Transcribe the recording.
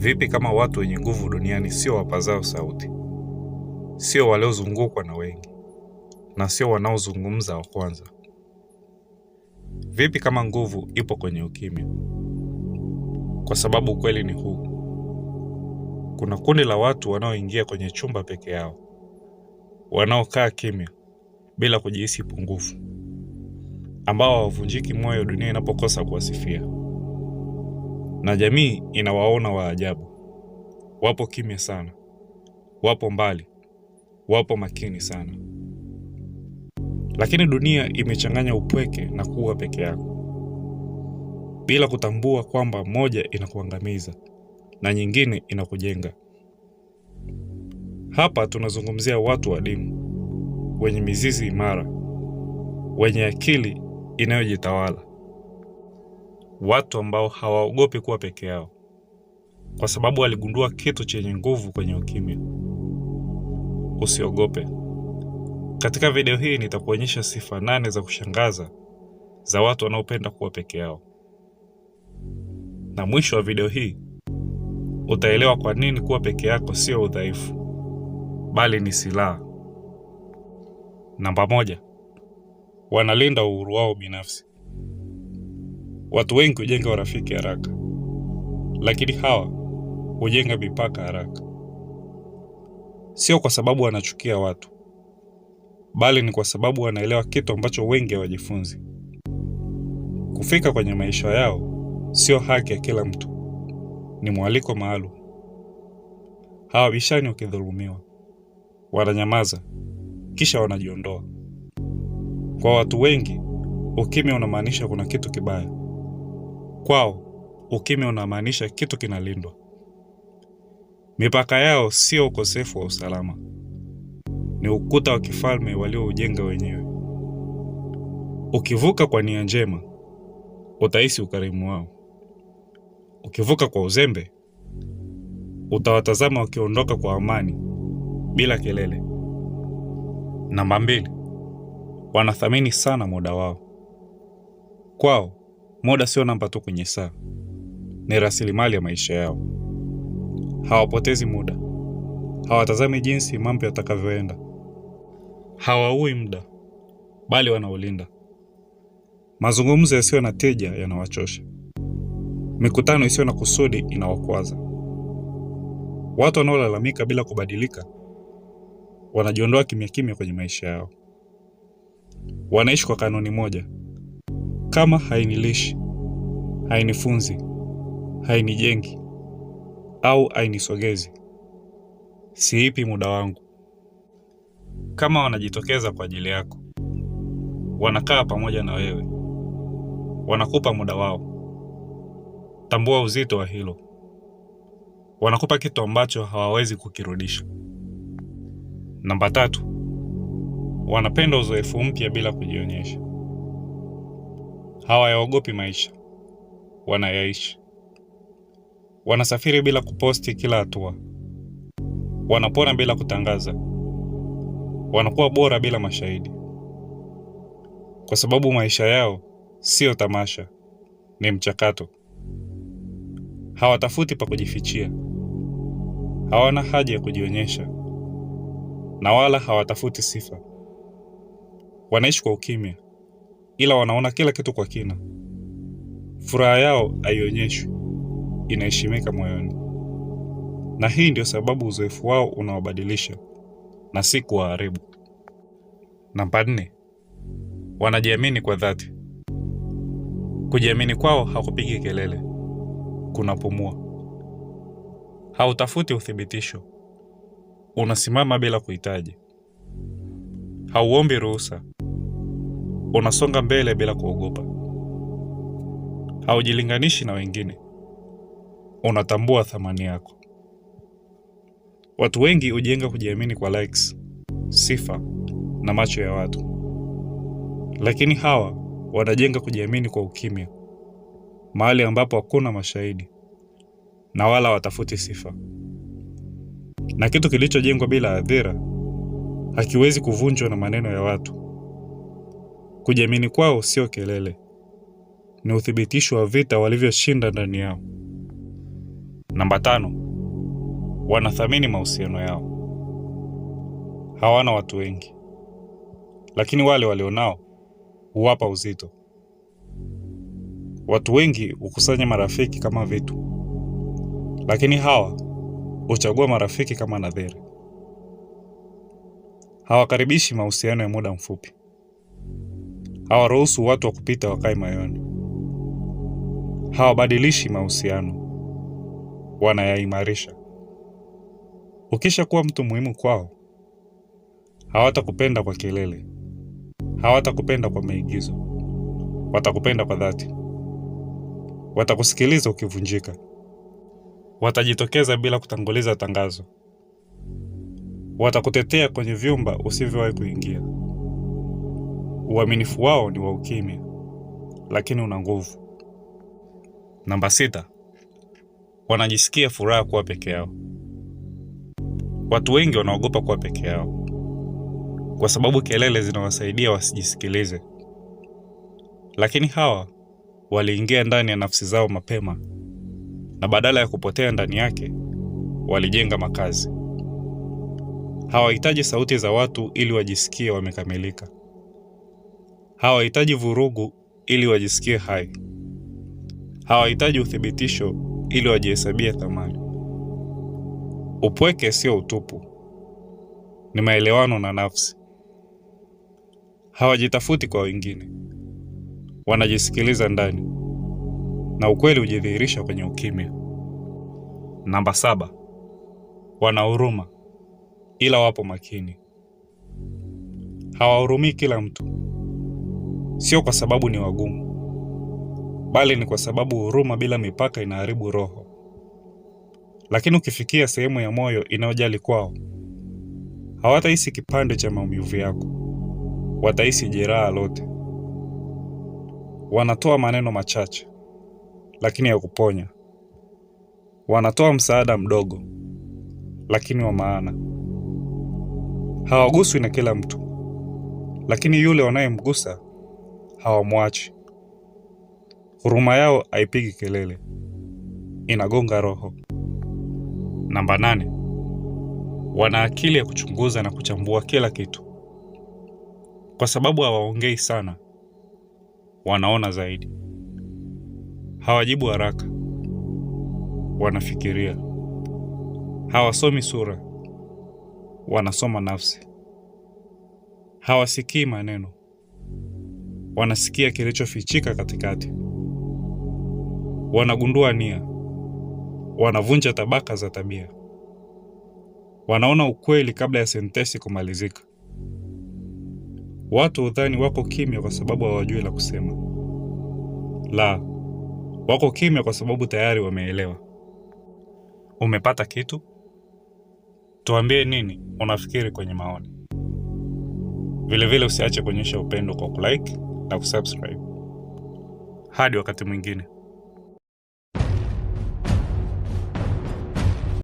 Vipi kama watu wenye nguvu duniani sio wapazao sauti, sio waliozungukwa na wengi, na sio wanaozungumza wa kwanza? Vipi kama nguvu ipo kwenye ukimya? Kwa sababu ukweli ni huu: kuna kundi la watu wanaoingia kwenye chumba peke yao, wanaokaa kimya bila kujihisi pungufu, ambao hawavunjiki moyo dunia inapokosa kuwasifia na jamii inawaona waajabu. Wapo kimya sana, wapo mbali, wapo makini sana, lakini dunia imechanganya upweke na kuwa peke yako bila kutambua kwamba moja inakuangamiza na nyingine inakujenga. Hapa tunazungumzia watu wa dimu wenye mizizi imara, wenye akili inayojitawala watu ambao hawaogopi kuwa peke yao, kwa sababu waligundua kitu chenye nguvu kwenye ukimya. Usiogope. Katika video hii nitakuonyesha sifa nane za kushangaza za watu wanaopenda kuwa peke yao, na mwisho wa video hii utaelewa kwa nini kuwa peke yako sio udhaifu, bali ni silaha. Namba moja: wanalinda uhuru wao binafsi. Watu wengi hujenga urafiki haraka, lakini hawa hujenga mipaka haraka, sio kwa sababu wanachukia watu, bali ni kwa sababu wanaelewa kitu ambacho wengi hawajifunzi. Kufika kwenye maisha yao sio haki ya kila mtu, ni mwaliko maalum. Hawabishani wakidhulumiwa, wananyamaza kisha wanajiondoa. Kwa watu wengi, ukimya unamaanisha kuna kitu kibaya. Kwao ukimya unamaanisha kitu kinalindwa. Mipaka yao sio ukosefu wa usalama, ni ukuta wa kifalme walioujenga wenyewe. Ukivuka kwa nia njema, utahisi ukarimu wao. Ukivuka kwa uzembe, utawatazama wakiondoka kwa amani, bila kelele. Namba mbili, wanathamini sana muda wao. Kwao Muda sio namba tu kwenye saa, ni rasilimali ya maisha yao. Hawapotezi muda, hawatazami jinsi mambo yatakavyoenda, hawaui muda, bali wanaulinda. Mazungumzo yasiyo na tija yanawachosha, mikutano isiyo na kusudi inawakwaza. Watu wanaolalamika bila kubadilika wanajiondoa kimya kimya kwenye maisha yao. Wanaishi kwa kanuni moja kama hainilishi, hainifunzi, hainijengi au hainisogezi, siipi muda wangu. Kama wanajitokeza kwa ajili yako, wanakaa pamoja na wewe, wanakupa muda wao, tambua uzito wa hilo. Wanakupa kitu ambacho hawawezi kukirudisha. Namba tatu, wanapenda uzoefu mpya bila kujionyesha hawayaogopi maisha, wanayaishi. Wanasafiri bila kuposti kila hatua, wanapona bila kutangaza, wanakuwa bora bila mashahidi, kwa sababu maisha yao siyo tamasha, ni mchakato. Hawatafuti pa kujifichia, hawana haja ya kujionyesha, na wala hawatafuti sifa. Wanaishi kwa ukimya ila wanaona kila kitu kwa kina. Furaha yao haionyeshwi, inaheshimika moyoni, na hii ndio sababu uzoefu wao unawabadilisha na si kuwaharibu. Namba nne, wanajiamini kwa dhati. Kujiamini kwao hakupigi kelele, kunapumua. Hautafuti uthibitisho, unasimama bila kuhitaji. Hauombi ruhusa, unasonga mbele bila kuogopa. Haujilinganishi na wengine, unatambua thamani yako. Watu wengi hujenga kujiamini kwa likes, sifa na macho ya watu, lakini hawa wanajenga kujiamini kwa ukimya, mahali ambapo hakuna mashahidi na wala watafuti sifa. Na kitu kilichojengwa bila adhira hakiwezi kuvunjwa na maneno ya watu. Kujiamini kwao sio kelele, ni uthibitisho wa vita walivyoshinda ndani yao. Namba tano, wanathamini mahusiano yao. Hawana watu wengi, lakini wale walionao huwapa uzito. Watu wengi hukusanya marafiki kama vitu, lakini hawa huchagua marafiki kama nadhiri. Hawakaribishi mahusiano ya muda mfupi, hawaruhusu watu wa kupita wakae moyoni, hawabadilishi mahusiano, wanayaimarisha. Ukisha kuwa mtu muhimu kwao, hawatakupenda kwa kelele, hawatakupenda kwa maigizo, watakupenda kwa dhati. Watakusikiliza ukivunjika, watajitokeza bila kutanguliza tangazo, watakutetea kwenye vyumba usivyowahi kuingia. Uaminifu wao ni wa ukimya, lakini una nguvu. Namba sita, wanajisikia furaha kuwa peke yao. Watu wengi wanaogopa kuwa peke yao kwa sababu kelele zinawasaidia wasijisikilize, lakini hawa waliingia ndani ya nafsi zao mapema na badala ya kupotea ndani yake walijenga makazi. Hawahitaji sauti za watu ili wajisikie wamekamilika. Hawahitaji vurugu ili wajisikie hai. Hawahitaji uthibitisho ili wajihesabie thamani. Upweke sio utupu, ni maelewano na nafsi. Hawajitafuti kwa wengine, wanajisikiliza ndani, na ukweli hujidhihirisha kwenye ukimya. Namba saba, wana huruma ila wapo makini. Hawahurumii kila mtu sio kwa sababu ni wagumu, bali ni kwa sababu huruma bila mipaka inaharibu roho. Lakini ukifikia sehemu ya moyo inayojali kwao, hawatahisi kipande cha maumivu yako, watahisi jeraha lote. Wanatoa maneno machache lakini ya kuponya, wanatoa msaada mdogo lakini wa maana. Hawaguswi na kila mtu, lakini yule wanayemgusa hawamwachi. Huruma yao haipigi kelele, inagonga roho. Namba nane, wana akili ya kuchunguza na kuchambua kila kitu. Kwa sababu hawaongei sana, wanaona zaidi. Hawajibu haraka, wanafikiria. Hawasomi sura, wanasoma nafsi. Hawasikii maneno wanasikia kilichofichika katikati, wanagundua nia, wanavunja tabaka za tabia, wanaona ukweli kabla ya sentensi kumalizika. Watu udhani wako kimya kwa sababu hawajui la kusema. La, wako kimya kwa sababu tayari wameelewa. Umepata kitu? Tuambie nini unafikiri kwenye maoni. Vilevile usiache kuonyesha upendo kwa kulike na kusubscribe. Hadi wakati mwingine.